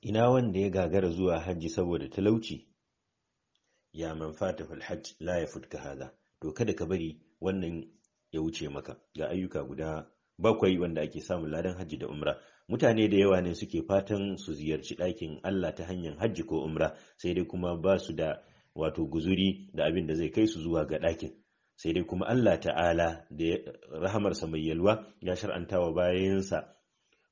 ina wanda ya gagara zuwa hajji saboda talauci ya man fatahul hajj la futka haza? to kada ka bari wannan ya wuce maka ga ayyuka guda bakwai wanda ake samun ladan hajji da umra mutane da yawa ne suke fatan su ziyarci ɗakin Allah ta hanyar hajji ko umra sai dai kuma ba su da wato guzuri da abin da zai kai su zuwa ga ɗakin sai dai kuma Allah ta'ala da rahamarsa mai yalwa ya shar'anta wa bayansa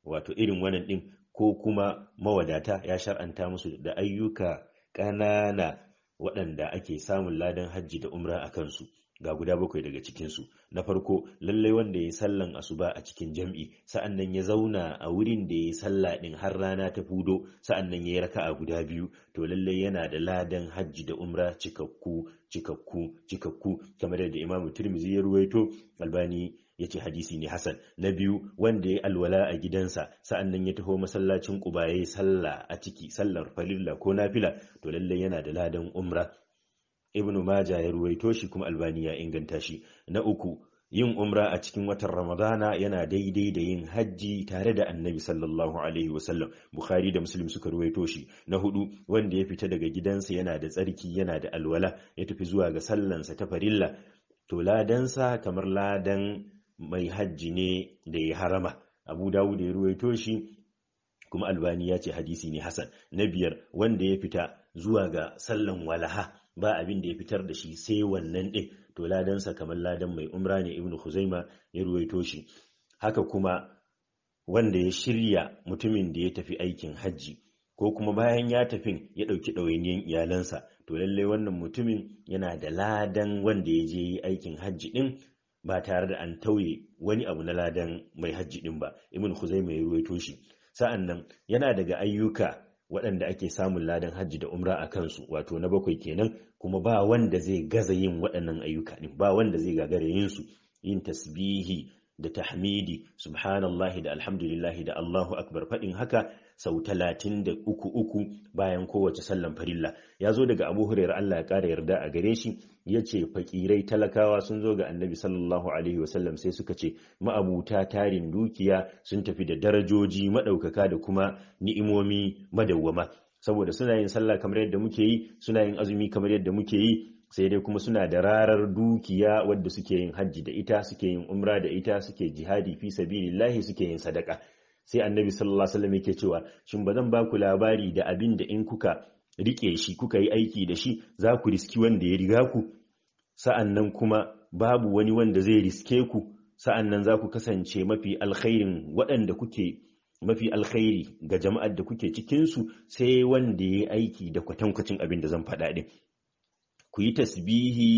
wato irin wannan ɗin ko kuma mawadata ya shar'anta musu da ayyuka ƙanana waɗanda ake samun ladan hajji da umra a kansu ga guda bakwai daga cikinsu na farko lallai wanda ya yi sallan asuba a cikin jam'i Sa'annan ya zauna a wurin da ya yi sallah har rana ta fudo Sa'annan ya yi a guda biyu to lallai yana da ladan hajji da umra cikakku cikakku cikakku kamar yadda imamu turmizi ya ruwaito albani ya ce hadisi ne hasan na biyu wanda ya alwala a gidansa Sa'annan ya taho masallacin ƙuba ya yi sallah a ciki sallar falilla ko nafila to lallai yana da ladan umra ibnu maja ya ruwaito shi kuma albani ya inganta shi na uku yin umra a cikin watan ramadana yana daidai da yin hajji tare da annabi sallallahu alaihi wasallam bukhari da muslim suka ruwaito shi na hudu wanda ya fita daga gidansa yana da tsarki yana da alwala ya tafi zuwa ga sallansa ta farilla to ladansa kamar ladan mai hajji ne da ya harama abu dawud ya ruwaito shi kuma albani ya ce hadisi ne hasan na biyar wanda ya fita zuwa ga sallan walaha ba abin da ya fitar da shi sai wannan ɗin to ladansa kamar ladan mai umra ne ibnu huzaima ya ruwaito shi haka kuma wanda ya shirya mutumin da ya tafi aikin hajji ko kuma bayan ya tafin ya ɗauki ɗawainiyar iyalansa to lallai wannan mutumin yana da ladan wanda ya je yi aikin hajji ɗin ba tare da an tauye wani abu na ladan mai hajji ɗin ba ibn huzaima ya ruwaito shi sa'an nan yana daga ayyuka waɗanda ake samun ladan hajji da umra a kansu wato na bakwai kenan kuma ba wanda zai gaza yin waɗannan ayyuka ɗin ba wanda zai gagara yin su yin tasbihi da tahmidi subhanallahi da alhamdulillahi da Allahu akbar faɗin haka sau talatin da uku uku bayan kowace sallan farilla ya zo daga abu hurairar Allah ya kara yarda a gare shi ya ce fakirai talakawa sun zo ga annabi sallallahu alaihi wasallam sai suka ce ma'abuta tarin dukiya sun tafi da darajoji maɗaukaka da kuma ni'imomi madawwama saboda suna yin sallah kamar yadda muke yi suna yin azumi kamar yadda muke yi sai dai kuma suna da rarar dukiya wadda suke yin hajji da ita suke yin umra da ita suke jihadi fi sabilillahi suke yin sadaka sai annabi sallallahu alaihi wasallam yake cewa shin ba zan ba ku labari da abin da in kuka rike shi kuka yi aiki da shi za ku riski wanda ya riga ku sa'an kuma babu wani wanda zai riske ku sa'annan za ku kasance mafi alkhairin waɗanda kuke mafi alkhairi ga jama'ar da kuke cikinsu sai wanda ya aiki da kwatankwacin abin da zan faɗa ɗin ku yi tasbihi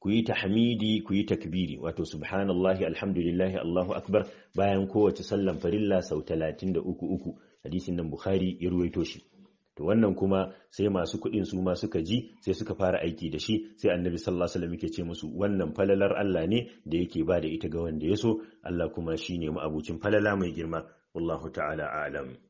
ku yi tahmidi ku yi takbiri wato subhanallahi alhamdulillahi Allahu akbar bayan kowace sallan farilla sau talatin da uku uku hadisin nan Bukhari ya ruwaito shi to wannan kuma sai masu kuɗin su ma suka ji sai suka fara aiki da shi sai annabi sallallahu alaihi wasallam ce musu wannan falalar Allah ne da yake ba da ita ga wanda ya so Allah kuma shine ma'abucin falala mai girma wallahu ta'ala a'lam